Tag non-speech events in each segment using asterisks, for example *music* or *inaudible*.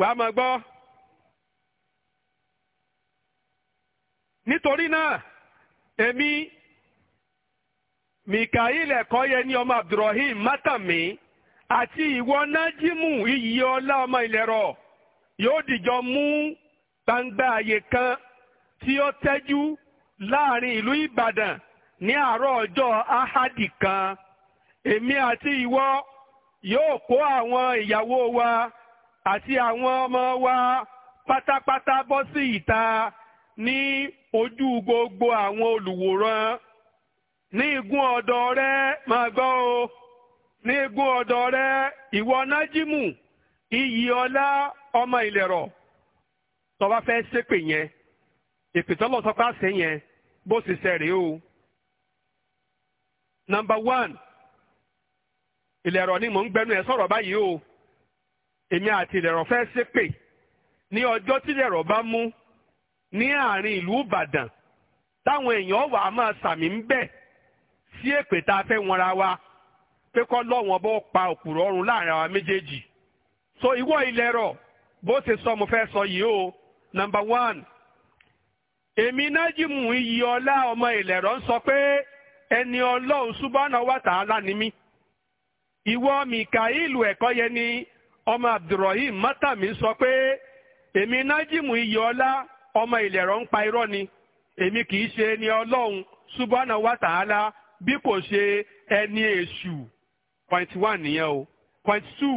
wàá máa gbọ́. nítorí náà èmi mikael ẹ̀kọ́yẹni ọmọ abdulrahim mátàmí àti ìwọ nájímù iyì ọlá ọmọ ìlẹ̀rọ̀ yóò dìjọ mú gbangba àyè kan tí ó tẹ́jú láàrin ìlú ìbàdàn ní àárọ̀ ọjọ́ ahadi kan èmi àti ìwọ yóò kó àwọn ìyàwó wa àti àwọn ọmọ wa pátápátá bọ́ sí ìta ní ojú gbogbo àwọn olùwòran ní igun ọ̀dọ̀ rẹ máa gbọ́ o ní igun ọ̀dọ̀ rẹ ìwọ nájímù iyì ọlá ọmọ ìlẹ̀rọ̀ tó bá fẹ́ ṣépè yẹn ìpè tọ́lọ̀ sọpá sí yẹn bó sì ṣe o. number one ìlẹ̀rọ̀ ni mò ń gbẹnu ẹ̀ sọ̀rọ̀ báyìí o. èmi àti ìlẹ̀rọ̀ fẹ́ pé, ní ọjọ́ tí ìlẹ̀rọ̀ bá mú ní àárín ìlú Ìbàdàn táwọn èèyàn wà á máa sàmì ń bẹ̀ sí èpè tá a wọnra wa pé kọ́ lọ́wọ́n bó pa òkùrọ̀ ọrùn láàrin àwa méjèèjì so ìwọ bó sọ mo fẹ́ sọ yìí o number one èmi iyì ọlá ọmọ ń sọ pé ẹni ọlọ́run ni ọmọ abdulrahim mátàmí sọ pé èmi nájímù iyọlá ọmọ ìlẹ̀rọ ń pa irọ́ ni èmi kì í ṣe ẹni ọlọ́run subhana wa ta'ala bí kò ṣe ẹni èṣù point one nìyẹn o point two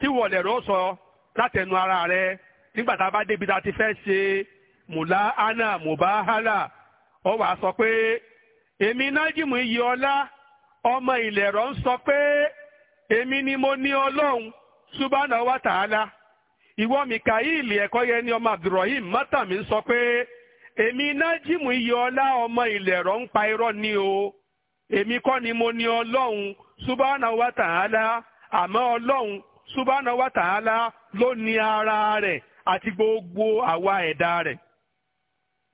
tí wọlé rọ sọ látẹnu ara rẹ nígbà tá a bá débi tá a ti fẹ́ ṣe mùlá ana mubahala ọ wàá sọ pé èmi nájímù iyọlá ọmọ ìlẹ̀rọ ń sọ pé èmi ni mo ní ọlọ́run subana wa ta'ala ìwọ mikael ni ọmọ abdulrahim matami sọ pé èmi nájímù iyọlá ọmọ ilẹ̀ rọ̀ ń pa irọ́ ni o èmi kọ́ ni mo ní ọlọ́run subana wa ta'ala àmọ́ ọlọ́run subana wa ta'ala ló ní ara rẹ̀ àti gbogbo àwa ẹ̀dá rẹ̀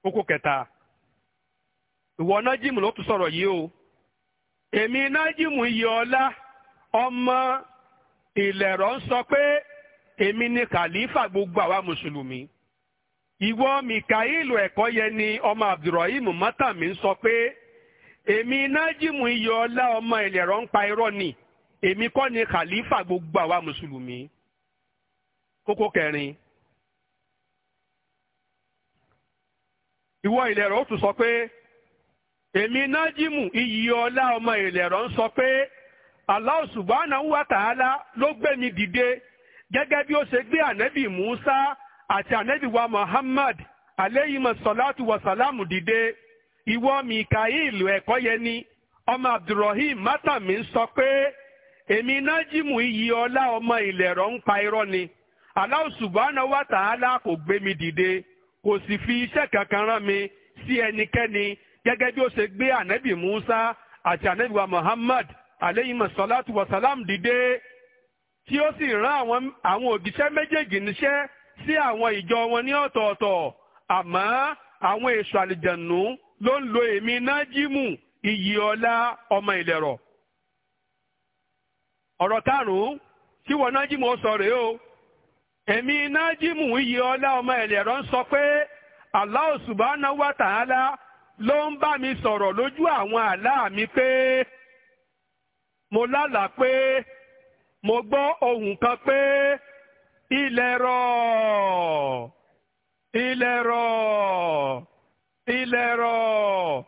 kókó kẹta ìwọ nájímù ló tún sọ̀rọ̀ yìí o èmi nájímù iyọlá ọmọ ìlẹ̀rọ̀ ń sọ pé èmi ni kàlífà gbogbo àwa mùsùlùmí. ìwọ mikaelu ẹ̀kọ́yẹni ọmọ abdulrahim mọ́tàmí ń sọ pé èmi nájímù iyọ̀ọ́lá ọmọ ìlẹ̀rọ̀ ń pa irọ́ ni èmi kọ́ ni kàlífà gbogbo àwa mùsùlùmí. kókó kẹrin. ìwọ ìlẹ̀rọ̀ ó tún sọ pé èmi nájímù iyọ̀ọ́lá ọmọ ìlẹ̀rọ̀ ń sọ pé. Allah subhanahu wa ta'ala ló gbé mi dìde gẹ́gẹ́ bí ó ṣe gbé ànẹ́bì Musa àti ànẹ́bì wa Muhammad aleyhima salatu wa salamu dìde ìwọ Mikail Ẹ̀kọ́yẹni ọmọ Abdulrahim Mátàmí ń sọ pé èmi nájímù iyì ọlá ọmọ ìlẹ̀rọ̀ ń pa irọ́ ni Allah subhanahu wa ta'ala kò gbé mi dìde kò sì fi iṣẹ́ kankan rán mi sí ẹnikẹ́ni gẹ́gẹ́ bí ó ṣe gbé ànẹ́bì Musa àti ànẹ́bì wa Muhammad àléyìnmọ̀ sọ́látù wàsálàm dìde tí ó sì rán àwọn àwọn òbíṣẹ́ méjèèjì níṣẹ́ sí àwọn ìjọ wọn ní ọ̀tọ̀ọ̀tọ̀ àmọ́ àwọn èṣù àlìjànú ló ń lo èmi nájímù iyì ọlá ọmọ ìlẹ̀rọ̀. ọ̀rọ̀ karùn-ún tí wọ́n nájímù ó sọ rèé o èmi nájímù iyì ọlá ọmọ ìlẹ̀rọ̀ ń sọ pé Allah subhanahu wa ta'ala ló ń bá mi sọ̀rọ̀ lójú àwọn àlá mi pé. mo lálàá pé mo gbọ́ ohùn kan pé ilẹ̀ rọ̀ ilẹ̀ rọ̀ ilẹ̀ rọ̀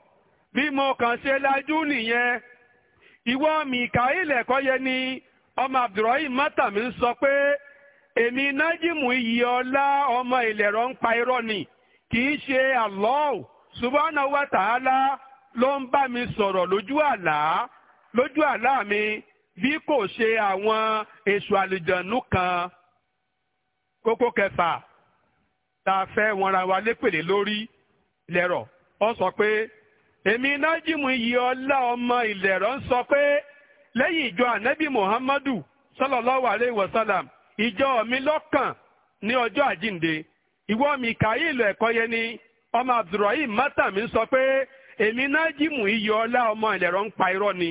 bí mo kàn ṣe lajú nìyẹn ìwọ Mikael ẹ̀kọ́yẹ ni ọmọ Abdulrahim Mátàmí ń sọ pé èmi nájímù iyì ọlá ọmọ ilẹ̀ rọ̀ ń pa irọ́ ni kì í ṣe Allah subhanahu wa ta'ala ló ń bá mi sọ̀rọ̀ lójú àlá. lójú àlá mi bí kò ṣe àwọn èṣù àlùjànnú kan kókó kẹfà tá a fẹ́ wọn ra wa lépèlé lórí lẹ́rọ̀ ọ sọ pé èmi nájímù iyì ọlá ọmọ ìlẹ̀rọ̀ ń sọ pé lẹ́yìn ìjọ ànábì muhammadu sallallahu alayhi wa sallam ìjọ mi lọ́kàn ní ọjọ́ àjínde ìwọ mikael ẹ̀kọ́yẹ ni ọmọ abdulrahim mátàmí sọ pé èmi nájímù iyì ọlá ọmọ ìlẹ̀rọ̀ ń pa irọ́ ni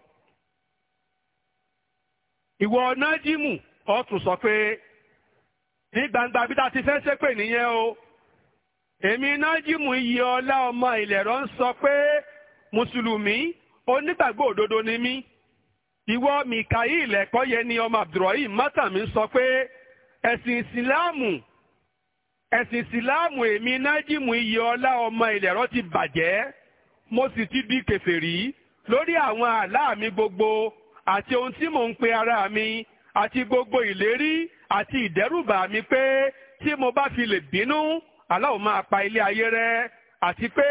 ìwọ nájímù ó tún sọ pé ní gbangba bí ta ti fẹ́ ṣépè nìyẹn o èmi nájímù iye ọlá ọmọ ìlẹ̀rọ ń sọ pé mùsùlùmí onígbàgbọ́ òdodo ni mí ìwọ mikael ẹ̀kọ́yẹ ni ọmọ abdulrahim mátàmí ń sọ pé ẹ̀sìn ìsìláàmù ẹ̀sìn ìsìláàmù èmi nájímù iye ọlá ọmọ ìlẹ̀rọ ti bàjẹ́ mo sì ti di kèfèrí lórí àwọn àlá mi gbogbo àti ohun tí mò ń pe ara mi àti gbogbo ìlérí àti ìdẹ́rùbà mi pé tí mo bá fi lè bínú Allah máa pa ilé ayé rẹ àti pé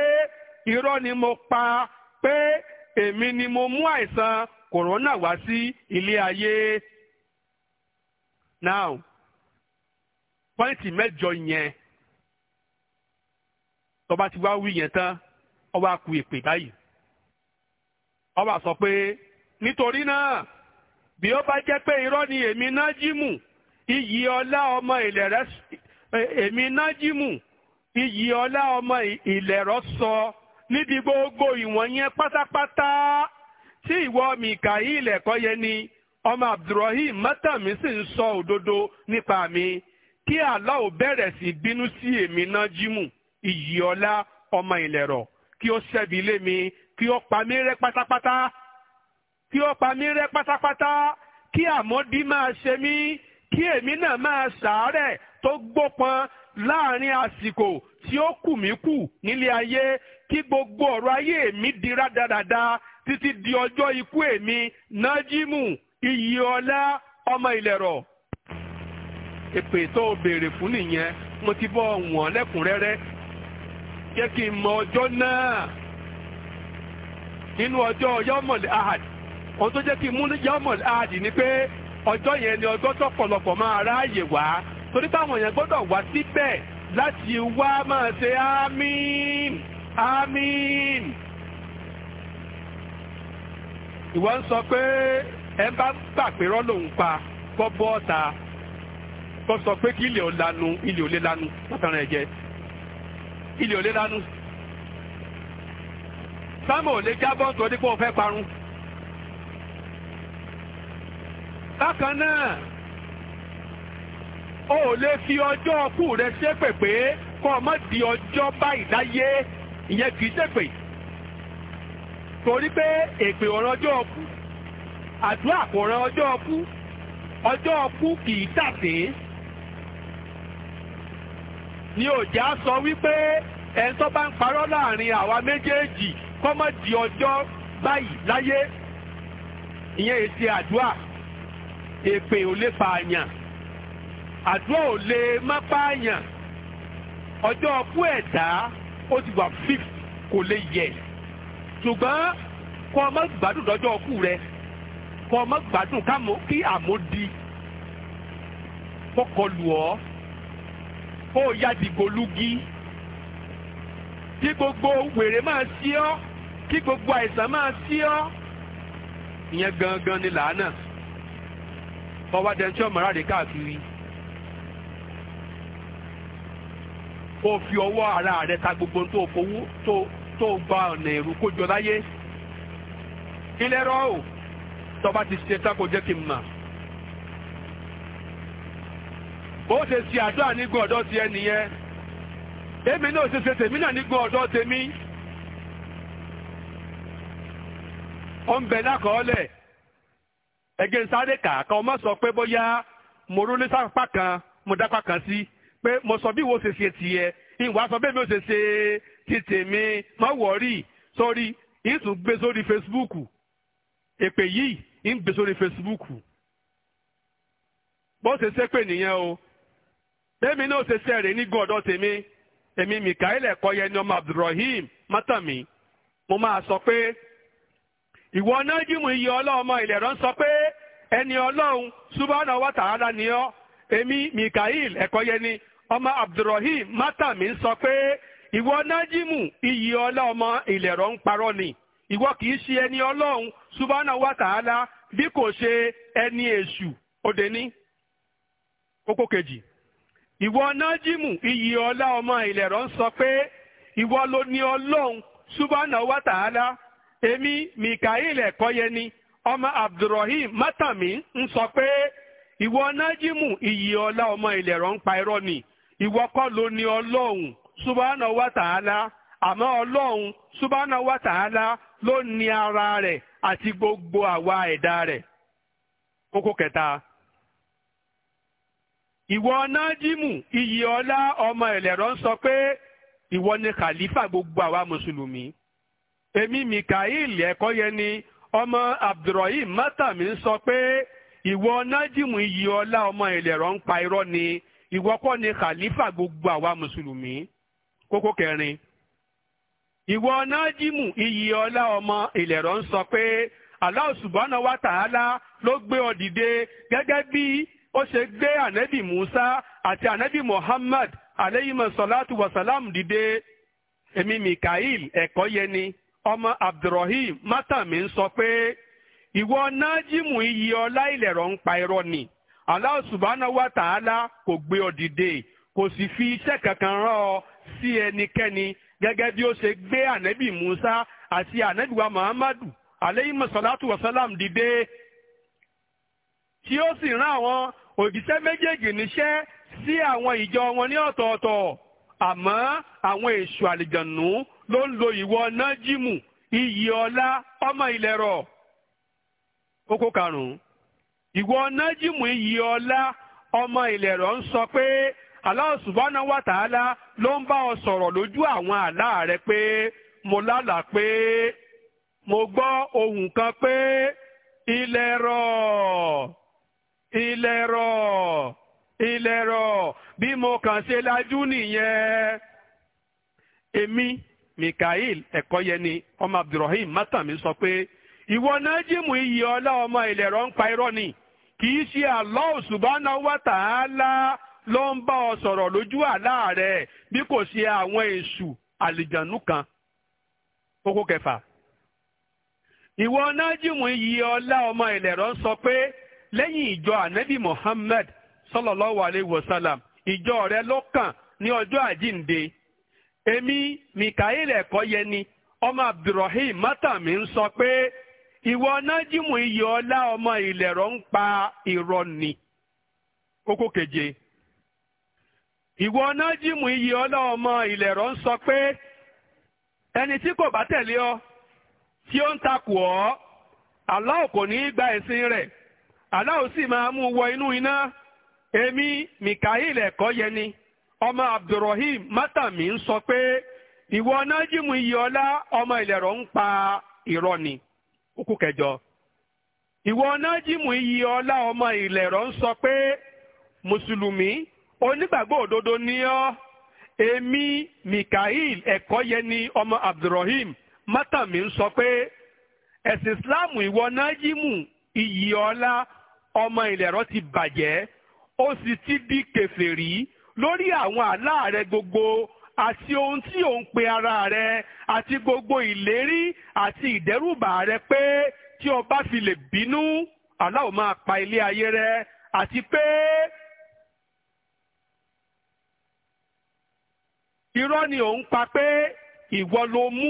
irọ́ ni mo pa pé èmi ni mo mú àìsàn kòrónà wá sí ilé ayé. Now, pọ́ìntì mẹ́jọ yẹn tó bá ti wá wí yẹn tán ó ku èpè báyìí ó sọ pé nítorí náà bí ó bá jẹ́ pé irọ́ ni èmi nájímù iyì ọlá ọmọ ìlẹ̀rẹ́ e, èmi nájímù iyì ọlá ọmọ ìlẹ̀rọ sọ níbi gbogbo ìwọ̀n yẹn pátápátá tí ìwọ mìkàí ilẹ̀kọ́ yẹn ni ọmọ abdulrahim mọ́tàmí sì ń sọ òdodo nípa mi kí Allah ò bẹ̀rẹ̀ sí bínú sí èmi nájímù iyì ọlá ọmọ ìlẹ̀rọ kí ó ṣẹ́bi lé mi kí ó pa mí rẹ́ pátápátá kí ó pa mí rẹ́ pátápátá kí àmọ́dí máa ṣe mí kí èmi náà máa ṣàárẹ̀ tó gbópọn láàrin àsìkò tí ó kù mí kù nílé ayé kí gbogbo ọ̀rọ̀ ayé mi di rádaràda títí di ọjọ́ ikú èmi nájímù iyìọlá ọmọ ìlẹ̀rọ̀. èpè tó o béèrè fún nìyẹn mo ti bọ́ wọ̀n lẹ́kùnrẹ́rẹ́ jẹ́ kí n mọ ọjọ́ náà nínú ọjọ́ yọmọ̀lẹ́ ahad ohun tó jẹ́ kí mú yọmọ̀ áàdì ni pé ọjọ́ yẹn ni ọjọ́ tó pọ̀lọpọ̀ máa ráàyè wá torí táwọn yẹn gbọ́dọ̀ wá síbẹ̀ láti wá máa ṣe àmín àmín. ìwọ ń sọ pé ẹ bá gbà pé rọ́lò ń pa kọ́ bọ́ ọ̀tá kọ́ sọ pé kí ilẹ̀ ò lanu ilẹ̀ ò lè lanu látara ẹ̀jẹ̀ ilẹ̀ ò lè lanu sámọ̀ ò lè jábọ́ nítorí pé ó fẹ́ parun. bákan náà o ò lè fi ọjọ́ ọkù rẹ ṣépè pé kọ́ ọ má di ọjọ́ báyìí láyé ìyẹn kì í ṣépè torí pé èpè ọ̀ràn ọjọ́ ọkù àdúrà kò ran ọjọ́ ọkù ọjọ́ ọkù kì í tàdé ni òjá sọ wípé ẹni tó bá ń parọ́ láàrin àwa méjèèjì kọ́ má di ọjọ́ báyìí láyé ìyẹn èsì àdúrà èpè ò lè pààyàn àdúrà ò lè má pààyàn ọjọ́ ọkú ẹ̀dá ó ti wà fíf kò lè yẹ ṣùgbọ́n kọ́ ọ má gbádùn lọ́jọ́ ọkú rẹ kọ́ ọ má gbádùn kí àmódi kọ́kọlù ọ́ ó yá dìgbòlugi kí gbogbo wèrè máa sí ọ kí gbogbo àìsàn máa sí ọ ìyẹn gangan ni làánà kọ́wá dẹni tí ọmọ aráàlú káàkiri kó fi ọwọ́ ara rẹ ta gbogbo tó fowó tó tó gba ọ̀nà èrú kójọ láyé ilé o tọba ti ṣe tako jẹ́ kí n mà ó ṣe ṣe àdúrà ní gbọ́dọ̀ ti ẹ nìyẹn èmi náà ṣe ṣe tèmi náà ní gbọ́dọ̀ tèmi ó ń bẹ lákọọ́lẹ̀ ẹ̀jẹ̀ ń sáré kà kan ọmọ sọ pé bóyá mo rólé sápá kan mo dápá kan sí pé mo sọ bí wo ṣe ṣe tiẹ̀ ìwà sọ bẹ́ẹ̀ mi ò ṣe ṣe ti tèmi má wọ̀ọ́rì sórí ìtún gbé sórí Facebook èpè yìí ń gbé sórí Facebook bó ṣe ṣe pé nìyẹn o bẹ́ẹ̀mi náà ṣe ṣe rè ní gọ́ọ̀dọ̀ tèmi èmi Mikael ẹ̀kọ́ yẹn ni ọmọ Abdulrahim mátàmí mo máa sọ pé ìwọ nájímù iye ọlọ́ọ̀mọ ilẹ̀ rán sọ pé ẹni ọlọ́run subahana wa ta'ala ni ọ́ èmi mikael ẹ̀kọ́yẹni ọmọ abdulrahim mátàmí sọ pé ìwọ nájímù iye ọlọ́ọ̀mọ ilẹ̀ rán parọ́ ni ìwọ kìí ṣe ẹni ọlọ́run subahana wa ta'ala bí kò ṣe ẹni èṣù òde ní kókó kejì ìwọ nájímù iye ọlá ọmọ ilẹ̀ rán sọ pé ìwọ ló ní ọlọ́run subahana wa ta'ala èmi mikael ẹ̀kọ́yẹni ọmọ abdulrahim mátàmí ń sọ pé ìwọ nájímù iyì ọlá ọmọ ilẹ̀ rọ̀ ń pa irọ́ ni ìwọ kọ́ ló ní ọlọ́run subahana wa ta'ala àmọ́ ọlọ́run subahana wa ta'ala ló ní ara rẹ̀ àti gbogbo àwa ẹ̀dá rẹ̀ kókó kẹta. ìwọ nájímù iyì ọlá ọmọ ilẹ̀ rọ̀ ń sọ pé ìwọ ni khalifa gbogbo àwa mùsùlùmí. èmi mikael ẹ̀kọ́ yẹn ni ọmọ abdulrahim mátàmí ń sọ pé ìwọ nájìmù iyì ọlá ọmọ ìlẹ̀rọ ń pa irọ́ ni ìwọ kọ́ ni khalifa gbogbo àwa mùsùlùmí kókó kẹrin ìwọ nájìmù iyì ọlá ọmọ ìlẹ̀rọ ń sọ pé Allah subhanahu wa ta'ala ló gbé ọ dìde gẹ́gẹ́ bí ó ṣe gbé ànábì Musa àti ànábì Muhammad aleyhimu salatu wasalam salam dìde èmi mikael ẹ̀kọ́ yẹn ni ọmọ abdulrahim mátàmí ń sọ pé ìwọ nájímù iyì ọlá ìlẹ̀rọ̀ ń pa irọ́ ni Allah subhanahu wa ta'ala kò gbé ọ dìde kò sì fi iṣẹ́ kankan rán ọ sí ẹnikẹ́ni gẹ́gẹ́ bí ó ṣe gbé ànábì musa àti ànábì wa muhammadu aleyhi masalatu wasalam dìde tí ó sì rán àwọn òjíṣẹ́ méjèèjì níṣẹ́ sí àwọn ìjọ wọn ní ọ̀tọ̀ọ̀tọ̀ àmọ́ àwọn èṣù àlìjànú ló ń lo ìwọ nájímù iyì ọlá ọmọ ìlẹ̀rọ̀ oko karùn-ún ìwọ nájímù iyì ọlá ọmọ ìlẹ̀rọ̀ ń sọ pé Allah subhanahu wa ta'ala ló ń bá ọ sọ̀rọ̀ lójú àwọn àlá rẹ pé mo lálà pé mo gbọ́ ohun kan pé ilẹ̀ rọ̀ ilẹ̀ rọ̀ ilẹ̀ rọ̀ bí mo kàn ṣe lajú nìyẹn èmi mikael ẹ̀kọ́yẹni ọmọ abdulrahim mátàmí sọ pé ìwọ nájímù iyì ọlá ọmọ ìlẹ̀rọ ń pa irọ́ ni kì í ṣe Allah subhanahu wa ta'ala ló ń bá ọ sọ̀rọ̀ lójú àlá rẹ̀ bí kò ṣe àwọn èṣù àlìjànú kan kókó kẹfà. ìwọ nájímù iyì ọlá ọmọ ìlẹ̀rọ ń sọ pé lẹ́yìn ìjọ anabi muhammed sallallahu alayhi wa ìjọ rẹ̀ ló kàn ní ọjọ́ àjíǹde èmi mikael ẹ̀kọ́yẹni ọmọ abdulrahim mátàmí ń sọ pé ìwọ nájímù iyì ọlá ọmọ ìlẹ̀rọ ń pa irọ́ ni kókó keje ìwọ nájímù iyì ọlá ọmọ ìlẹ̀rọ ń sọ pé ẹni tí kò bá tẹ̀lé ọ tí ó ń takò ọ́ Allah kò ní í gba ẹ̀sìn rẹ, Allah sì máa mú wọ inú iná èmi mikael ẹ̀kọ́yẹni ọmọ abdulrahim mátàmí ń sọ pé ìwọ nájímù iyọlá ọmọ ìlẹ̀rọ̀ ń pa irọ́ ni kókó kẹjọ ìwọ nájímù iyọlá ọmọ ìlẹ̀rọ̀ ń sọ pé mùsùlùmí onígbàgbọ́ òdodo ni ọ́ èmi mikael ẹ̀kọ́yẹni ọmọ abdulrahim mátàmí ń sọ pé ẹ̀sìn islam ìwọ nájímù iyọlá ọmọ ìlẹ̀rọ̀ ti bàjẹ́ ó sì ti di kèfèrí lórí àwọn àlá rẹ gbogbo àti ohun tí ò ń pe ara rẹ àti gbogbo ìlérí àti ìdẹ́rùbà rẹ pé tí o bá fi lè bínú àlá ò máa pa ilé ayé rẹ àti pé irọ́ ni ò ń pa pé ìwọ ló mú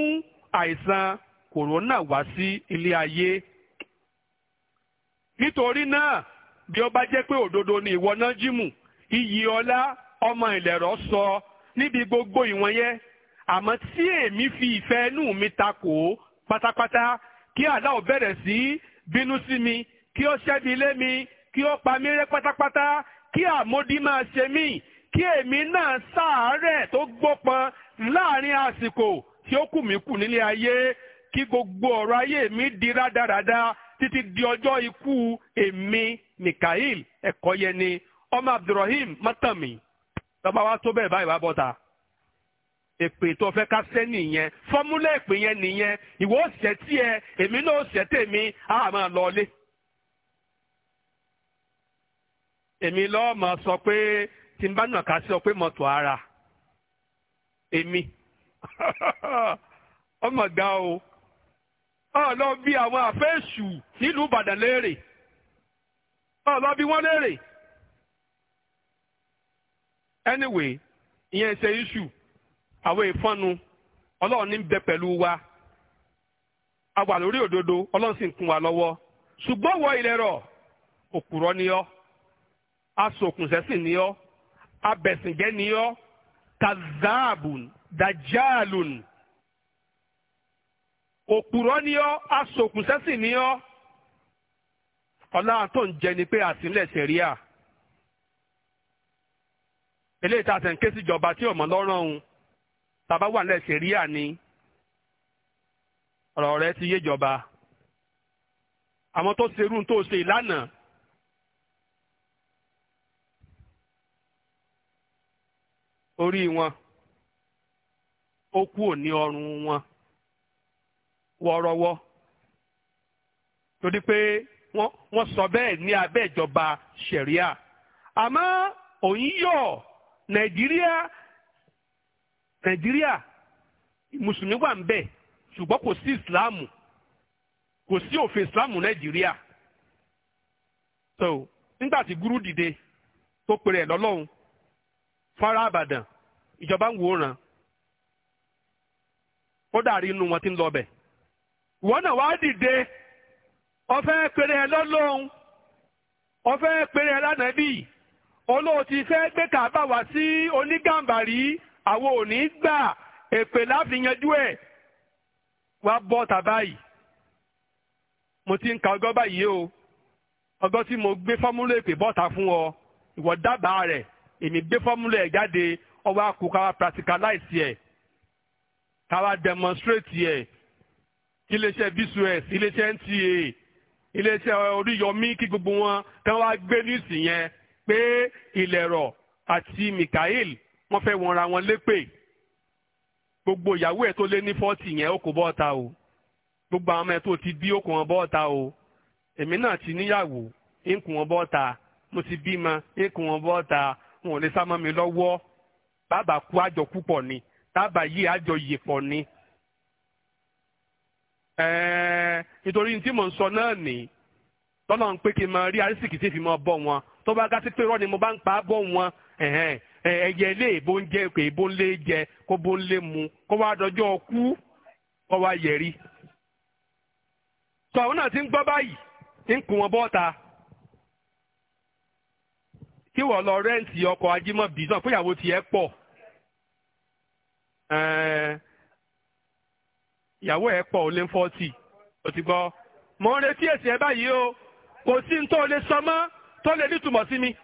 àìsàn kòrónà wá sí ilé ayé nítorí náà bí ó bá jẹ́ pé òdodo ni ìwọ náà jímù iyì ọlá ọmọ ìlẹ̀rọ sọ níbi gbogbo ìwọ̀n yẹn àmọ́ tí èmi fi ìfẹ́ inú mi takò pátápátá kí àlá ò bẹ̀rẹ̀ sí bínú sí mi kí ó ṣẹ́bi lé mi kí ó pa mí rẹ́ pátápátá kí àmódí máa ṣe mí kí èmi náà ṣàárẹ̀ tó gbópọn láàrin àsìkò tí ó kù mí kù nílé ayé kí gbogbo ọ̀rọ̀ ayé mi di rádaràda títí di ọjọ́ ikú èmi Mikael Ẹ̀kọ́yẹni ọmọ Abdulrahim mọ́tàmí tọ́ba wa tó bẹ́ẹ̀ báyìí wá bọ́ta èpè tó fẹ́ ká sẹ́ nìyẹn fọ́múlà èpè yẹn nìyẹn ìwọ ṣẹ́ tí ẹ èmi náà ṣẹ́ tèmi á máa lọ ilé. èmi lọ́ọ́ máa sọ pé tí n bá nà ká sí ọ pé mọ̀tò ara èmi *laughs* ọmọ ga o ọ lọ bí àwọn àfẹ́sù nílùú Ìbàdàn léèrè ọ bí wọ́n léèrè. anyway ìyẹn ṣe issue àwọn ìfọ́nu ọlọ́run ní bẹ pẹ̀lú wa a wà lórí òdodo ọlọ́run sì ń kún wa lọ́wọ́ ṣùgbọ́n wọ ilẹ̀ rọ̀ òkùrọ̀ ni ọ́ asòkùnsẹ́sìn ni ọ́ abẹ̀sìnjẹ́ ni ọ́ kazaabun dajalun òkùrọ̀ ni ọ́ ni ọ́ ọlọ́run tó ń jẹ ni pé àtìlẹ̀ sẹ̀ríà. eléyìí tá a tẹ̀ ń ké síjọba tí ọmọ lọ́rọ̀ òun tàbá wà nílẹ̀ sẹ̀ríà ni ọ̀rọ̀ rẹ ti yéjọba àwọn tó ṣerú tó ṣe lánàá orí wọn ó kú òní ọrùn wọn wọ́ọ́rọ́wọ́ torí pé wọ́n sọ bẹ́ẹ̀ ní abẹ́ ìjọba sẹ̀ríà àmọ́ òun yọ̀ nàìjíríà nàìjíríà mùsùlùmí wà ń bẹ ṣùgbọ́n kò sí ìsìláàmù kò sí òfin so nígbà tí gúrú dìde tó pèrè ẹ̀ lọ́lọ́run fara àbàdàn ìjọba ń wòran ó dàrí inú wọn tí ń lọ bẹ̀ ìwọ náà wá dìde ọfẹ́ pèrè ẹ̀ lọ́lọ́run olóò ti fẹ́ gbé kàbá wá sí onígàmbàrí àwọn ò ní gbà èpè láti yanjú ẹ̀ wá bọ́ tàbá yìí mo ti ń ka ọgọ́ báyìí o ọgọ́ tí mo gbé fọ́múlà èpè bọ́ta fún ọ ìwọ dábàá rẹ̀ èmi gbé fọ́múlà ẹ̀ jáde ọwọ́ àkókò káwa practicalize ẹ̀ káwa demonstrate ẹ̀ iléeṣẹ́ visuals iléeṣẹ́ nta iléeṣẹ́ oríyọmí kí gbogbo wọn kí wọ́n wá gbé níìsì yẹn pé ilẹ̀rọ̀ àti Mikael wọ́n fẹ́ wọnra wọn lépè gbogbo ìyàwó ẹ̀ tó lé ní fọ́ọ̀tì yẹn ó kò bọ́ ọ̀ta o gbogbo àwọn ọmọ ẹ̀ tó ti bí ó kò wọn bọ́ o èmi náà ti níyàwó ń kò wọn bọ́ mo ti bímọ ń kò wọn bọ́ wọn ò lè sá mọ́ mi lọ́wọ́ bàbá kú àjọ púpọ̀ ni bàbá yìí àjọ yìí pọ̀ ni. nítorí tí mò ń sọ náà nì tọ́lọ́ ń pé kí n máa rí àrísìkì tí fi máa bọ́ wọn tó bá gásí pé irọ́ ni mo bá ń pa á bọ̀ wọn ẹ̀yẹ ilé èbó ń jẹ kò èbó ń lé jẹ kó bó ń lé mu kó wá dọjọ́ kú kó wá yẹrí. tọ́ àwọn náà ti ń gbọ́ báyìí ń kù wọn bọ́ta kí wọ́n lọ rẹ́ǹtì ọkọ̀ ajímọ̀bí náà fúyàwó tiẹ̀ pọ̀ ìyàwó ẹ̀ pọ̀ ó lé fọ́ọ̀tì ó ti gbọ́ mo ń retí èsì ẹ báyìí o kò sí ní tó lè sọ mọ́ tó lè nítumọ̀ sí mi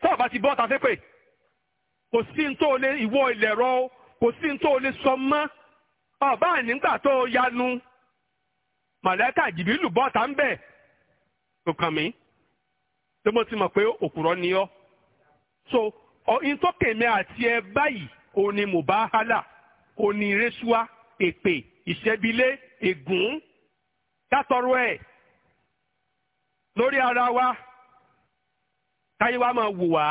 tó bá ti bọ́ ta sépè kò sí ní tó lè ìwọ ilẹ̀ rọ kò sí ní tó lè sọ mọ́ ọ̀bá nígbà tó yanu màlẹ́kà jìbìlù bọ́ ta ń bẹ̀ kò kàn tó mo ti mọ̀ pé òkúrọ̀ ni ọ́ so ọ̀hún tó kèmí àti ẹ báyìí òun ni mùbáhálà òun ni rẹ́ṣúà èpè ìṣẹ́bílé ègún dátọ̀rọ̀ ẹ̀ lórí ara wa táyé wa máa wò wá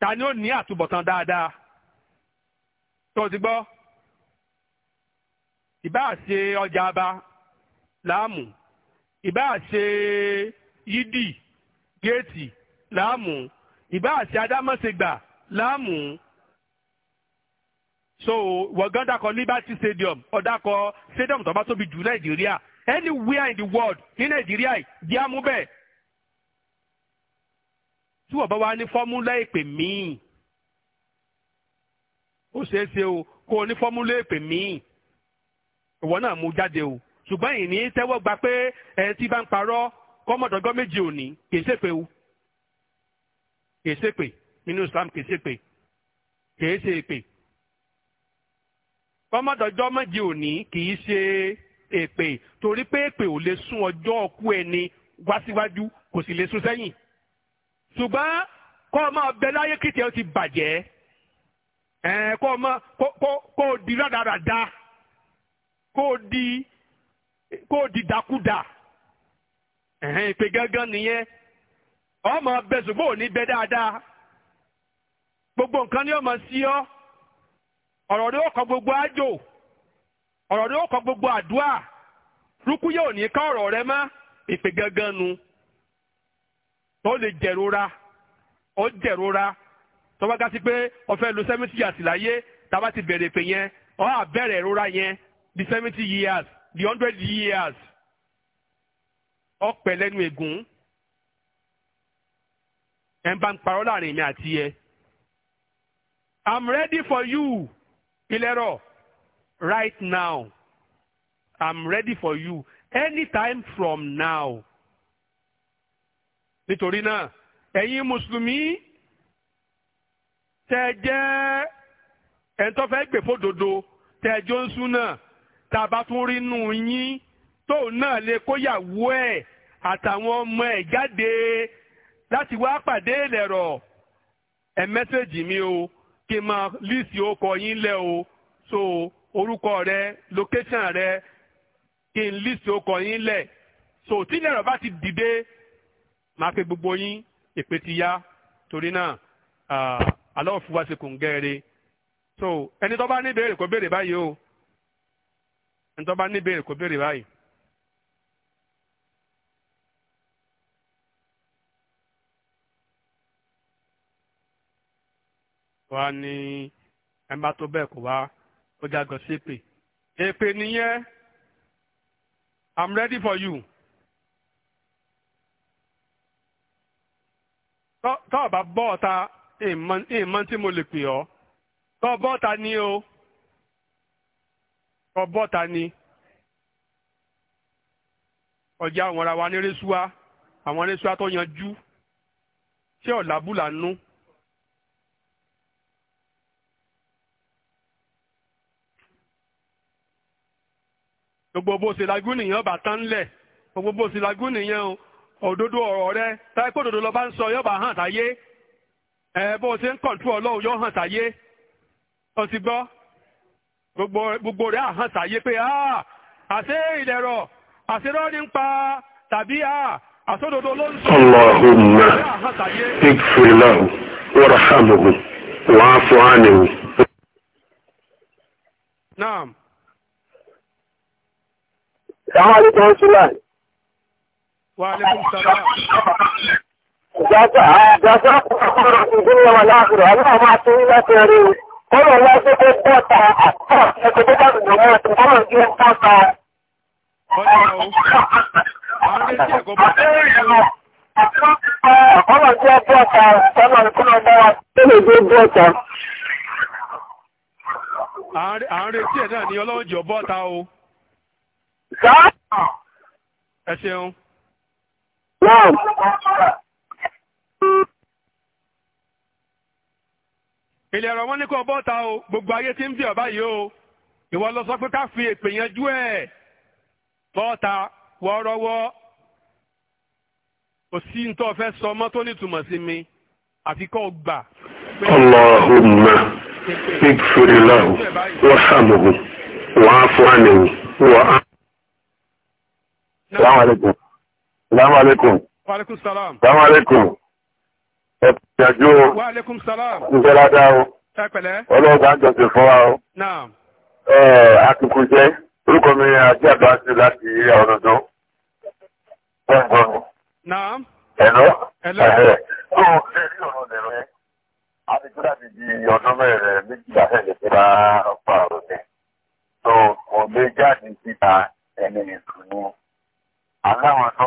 ta ni ó ní àtúbọ̀tán dáadáa tó ti gbọ́ ìbá ṣe ọjà aba láàmú ìbá ṣe yídì géètì láàmú ìbá ṣe adámọ́sẹ̀gbà láàmú so wọ̀gán dakọ̀ Liberty Stadium ọ̀dàkọ̀ stadium tó bá tóbi jù Nàìjíríà anywhere in the world ní Nàìjíríà yìí di amúbẹ̀ tí wọ́n bá wá ní fọ́múlà ìpè míì ó ṣeé ṣe o kó o ní fọ́múlà ìpè míì ìwọ náà mú jáde o ṣùgbọ́n ìní tẹ́wọ́ gba pé ẹni tí bá ń parọ́ kọ́mọ̀dọ́gọ́ méje òní kì í ṣèpè o kì í ṣèpè nínú Islam kì ṣèpè kì í ṣe èpè òní kì ṣe èpè torí pé èpè ò lè sún ọjọ́ ọkú ẹni wá síwájú kò sì lè sún sẹ́yìn. ṣùgbọ́n kọ́ ọmọ máa láyé kìtì ẹ ti bàjẹ́ kọ́ kó o di rádaràda kó o di ìpè gángan gbogbo nǹkan ni ọ sí ọ ọ̀rọ̀ kọ gbogbo àjò ọ̀rọ̀ ni ó kọ gbogbo àdúà rúkú yóò ní ká ọ̀rọ̀ rẹ nu. tó lè jẹ̀rora ó jẹ̀rora tó bá ga sí pé ó fẹ́ seventy years láyé tá a bá ti bẹ̀rẹ̀ pé yẹn ó á ìrora yẹn di seventy years the hundred years ó pẹ́ lẹ́nu ègún ẹ̀ ń bá ń parọ́ láàrin mi àti ẹ. I'm ready for you Ilero right now. I'm ready for you anytime from now nítorí náà ẹ̀yin mùsùlùmí tẹ́ jẹ́ ẹ̀ńtọ́ fẹ́ gbè fódodo tẹ́ jọ ń sún náà tá a bá tún rí nù yín tóun náà lè kóyàwó ẹ̀ àtàwọn ọmọ ẹ̀ jáde láti wá pàdé ìlẹ̀rọ̀ ẹ̀ mẹ́sẹ̀gì mi o kí n máa líìsì ọkọ yín lẹ́ o so orúkọ rẹ location rẹ kí n líìsì ọkọ yín lẹ̀ so tí ìlẹ̀rọ̀ bá ti dìde máa pe gbogbo yín èpè ti yá torí náà aláwọ̀ kò ń gẹ́rẹ́ so ẹni tó bá ní béèrè kó béèrè báyìí o ẹni tó bá ní béèrè kó béèrè báyìí. wa ni ẹ bá tó bẹ́ẹ̀ kó wá ó jágọ̀ sí èpè èpè nìyẹn I'm ready for you. tọ́ ọ̀bá bọ́ ọ̀ta ìmọ̀ tí mo lè pè ọ́ tọ́ bọ́ ọ̀ta ni o tọ́ bọ́ ọ̀ta ni ọjà àwọn ara wa ní rẹ́súwá àwọn rẹ́súwá tó yanjú tí ọ̀làbùlà nú. gbogbo bó ṣe lagún nìyẹn ọba tán lẹ̀ gbogbo bó ṣe lagún nìyẹn o òdodo ọ̀rọ̀ rẹ táyé kó òdodo lọ́ba ń sọ yọba hàn táyé ẹ bó o ṣe ń kọ̀ǹtú ọlọ́run yọ hàn táyé o ti gbọ́ gbogbo rẹ̀ àhàn táyé pé a àṣé ìdẹ̀rọ̀ àṣé rọ́ọ̀rì ń pa tàbí a àṣódodo ló ń sọ. Allahumma ighfir lahu warhamhu wa'fu anhu. Naam. Sàmàlì kan sílẹ̀. Wa alaikum salam. Jàjá kò kọ́kọ́rọ́ ìdílé wọn láàbùrọ̀, àwọn máa tó ní láti rí i. Kọ́lọ̀ lọ́sẹ̀ tó dọ́ta àtọ́ ẹgbẹ́ tó dàgbù lọ́wọ́ ẹ̀sìn kọ́lọ̀ ń gbé pọ́ta. Kọ́lọ̀ jẹ́ dọ́ta, kọ́lọ̀ kọ́lọ̀ bá wa tó lè gbé dọ́ta. À ń retí ẹ̀ náà ni ọlọ́run jọ bọ́ta o. Ẹ ṣeun. Náà. Ilé ọ̀rọ̀ wọn ní kò bọ́ta o, gbogbo ayé ti ń bí ọ̀bá yìí o. Ìwọ lọ sọ pé ká fi èpè yanjú ẹ̀. Bọ́ta wọ́ọ́rọ́wọ́. Kò sí ní tó fẹ́ sọ ọmọ tó nítumọ̀ sí mi. Àfi kọ́ gbà. Allahumma ighfir lahu warhamhu wa'fu anhu wa. Wa alaikum. Salaam alaikum. Wa alaikum salaam. Salaam alaikum. Ẹ jàjú o. Wa alaikum salaam. Ǹjẹ́ ládá o? Ẹ pẹ̀lẹ́. Ọlọ́ọ̀bá ń jọ̀sìn fún wa o. Naam. Ẹ akíkú jẹ́. Orúkọ mi àti àbá sí láti ọ̀dọ̀dọ̀. Wọ́n gbọ́ mi. Naam. Hello. Hello. Ẹ̀hẹ̀. Ó ṣe rí ọ̀rọ̀ lẹ̀rọ yẹn. Àti tó láti di ọdún mẹ́rẹ̀ méjìlá sẹ́lẹ̀ tí bá ọ̀pá ọ̀rọ̀ Tó òun lè jáde síta ẹni ìtùnú. Àláwọn tó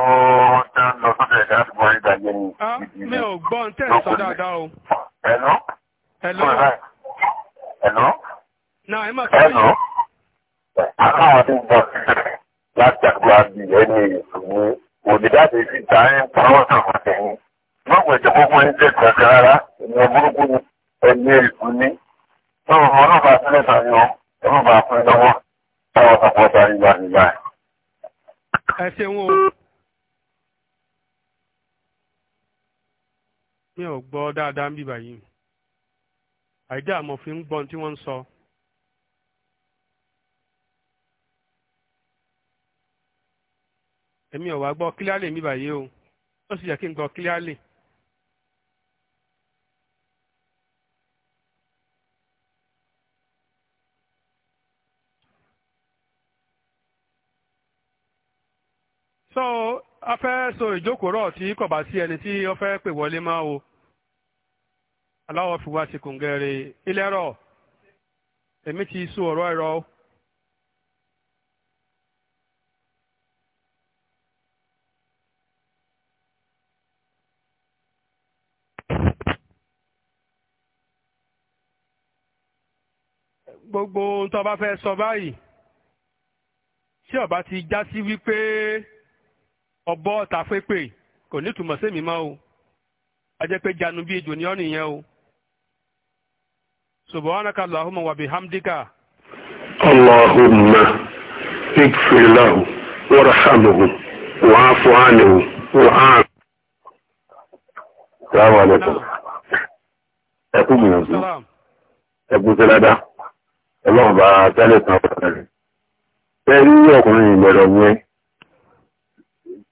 wọ́n tán lọ sọ́dọ̀ ẹ̀dá àdúgbò ìgbàgbé ni. Ah, mi ò gbọ́ ń tẹ̀ sọ dáadáa o. Hello. Hello. Hello. Náà ẹ máa kẹ́lẹ̀. Hello. Àláwọn tó ń bọ̀ sílẹ̀ láti àgbà àbí ẹni ìṣòwò òdìdáde sí ta ẹ̀ ń pawọ́ sọ̀rọ̀ sẹ́yìn. Lọ́pọ̀ ìjọ gbogbo ń tẹ̀ kọ̀ọ̀kan ẹ ṣeun o. mi ò gbọ́ dáadáa ń bí báyìí àìdí àmọ̀fin ń gbọ́ tí wọ́n ń sọ. èmi ò wá gbọ́ kílíálì mi báyìí o ó sì yẹ kí n gbọ́ kílíálì. a fẹ́ so ìjókòrọ̀ tí kò bá sí ẹni tí ó fẹ́ pè wọlé máa o aláwọ̀ fi wá sí kòǹgẹ̀rẹ̀ ilẹ̀ rọ̀ èmi ti so ọ̀rọ̀ ẹ̀rọ o. gbogbo ohun tó bá fẹ́ sọ báyìí tí ó ti já sí wípé ọ̀bọ tàfépè kò ní túmọ̀ sí mi mọ́ o ajẹ́ pé janu bí ejò ní ọ́ nìyẹn o. subhanaka allahumma wa bihamdika. allahumma ikfir lahu warhamhu wa'fu anhu wa'an. salaamu aleykum ẹ kú gbìyànjú ẹ kú sẹlẹ́dá ẹ lọ́wọ́ bá tẹ́lẹ̀ kan fún ẹ. bẹ́ẹ̀ ni ọkùnrin ìgbẹ̀rọ̀ yẹn.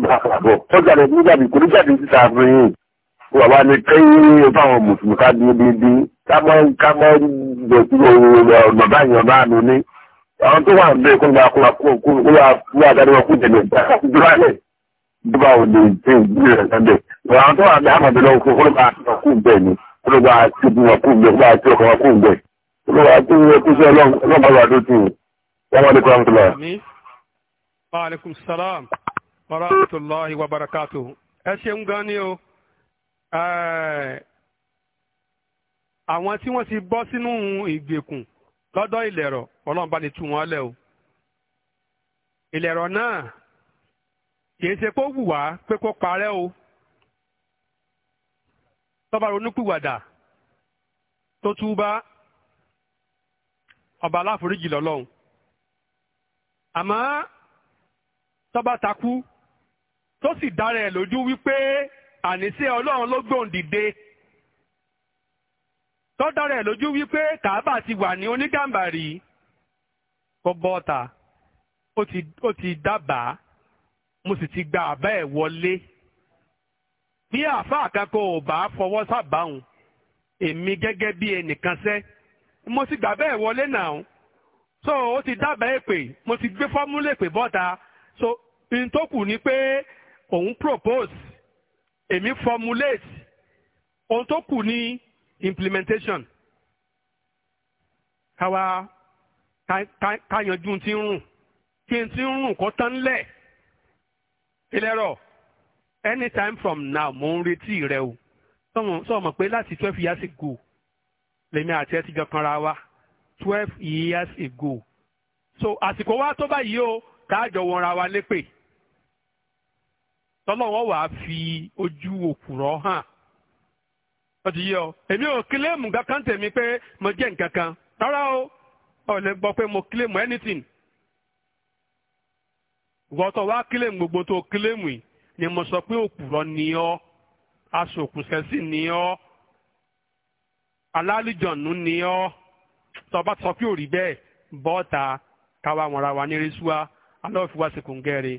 gbàgbọ́ tọ́jà rẹ̀ níjàdì kò níjàdì síta fún yìí wàwá ni kẹ́yìn fáwọn mùsùlùmí ká dúró déédéé kámọ́ kámọ́ dọ̀tí ọ̀nà báyìí ọ̀nà àánú ní àwọn tó wà ń bẹ́ẹ̀ kó gba kóra kó wà wà dáadáa kó jẹ̀lẹ̀ dúró alẹ̀ dúró àwọn lè ṣe ìdílé rẹ̀ sábẹ̀ àwọn tó wà ń bẹ́ẹ̀ àmọ̀ bẹ́ẹ̀ lọ́wọ́ kó gba kó bẹ́ẹ̀ ni kó gba tó bí wọn kó bẹ́ẹ̀ kó gba tó ọkọ̀ wọn kó bẹ́ẹ̀ kó gba tó yẹ kó sọ ọlọ́mọlúwa tó tù wọ́n wọ́n ní kó warahmatullahi wabarakatuhu ẹ ṣeun gan ni o àwọn tí wọn ti bọ sínú ìgbèkùn lọ́dọ̀ ìlẹ̀rọ̀ ọlọ́run bá ní tú wọn lẹ̀ o ìlẹ̀rọ̀ náà kìí ṣe kó wù wá pé kó parẹ́ o tọ́ba ronúpìwàdà tó túbá ọba aláforíjì lọ́lọ́run àmọ́ tọ́ba takú tó sì dára ẹ̀ lójú wípé àníṣe ọlọ́run ló gbòǹdìde tó dára ẹ̀ lójú wípé kàábà ti wà ní onígàmbàrí kó bọ́ta ó ti ó ti dábàá mo sì ti gba àbá ẹ̀ wọlé bí àáfàá kankan ò bá fọwọ́ sábàáhùn èmi gẹ́gẹ́ bí ẹnìkan sẹ́ mo sì gbà bẹ́ẹ̀ wọlé náà so ó ti dábàá èpè mo sì gbé fọ́múlà èpè bọ́ta so n tó kù ni pé òun propose èmi e formulate ohun tó kù ní implementation káwa káyanjú ti ń rùn kí n ti ń rùn kó tán lẹ̀ ìlẹ́rọ̀ anytime from now mo ń retí rẹ o sọ mọ̀ pé láti twelve years ago lèmi àti ẹ ti jọ kanra wa twelve years ago so àsìkò wa tó báyìí o tá a jọ wọnra wa lépè tọ́lọ́wọ́ wà á fi ojú òkùrọ̀ hàn ọdí yẹ ọ èmi ò kílẹ̀mù kankan tèmi pé mo jẹ́ nǹkan kan rárá o ò lè gbọ́ pé mo kílẹ̀mù anything ìwọ́tọ̀ wá kílẹ̀mù gbogbo tó kílẹ̀mù yìí ni mo sọ pé òkùrọ̀ ni ọ́ asòkùsẹ́sì ni ọ́ alálìjọ̀nù ni ọ́ tọba sọ pé ò rí bẹ́ẹ̀ káwa mọ̀ra wa ní rísúà alọ́ fi wá sí kùngẹ́rẹ́.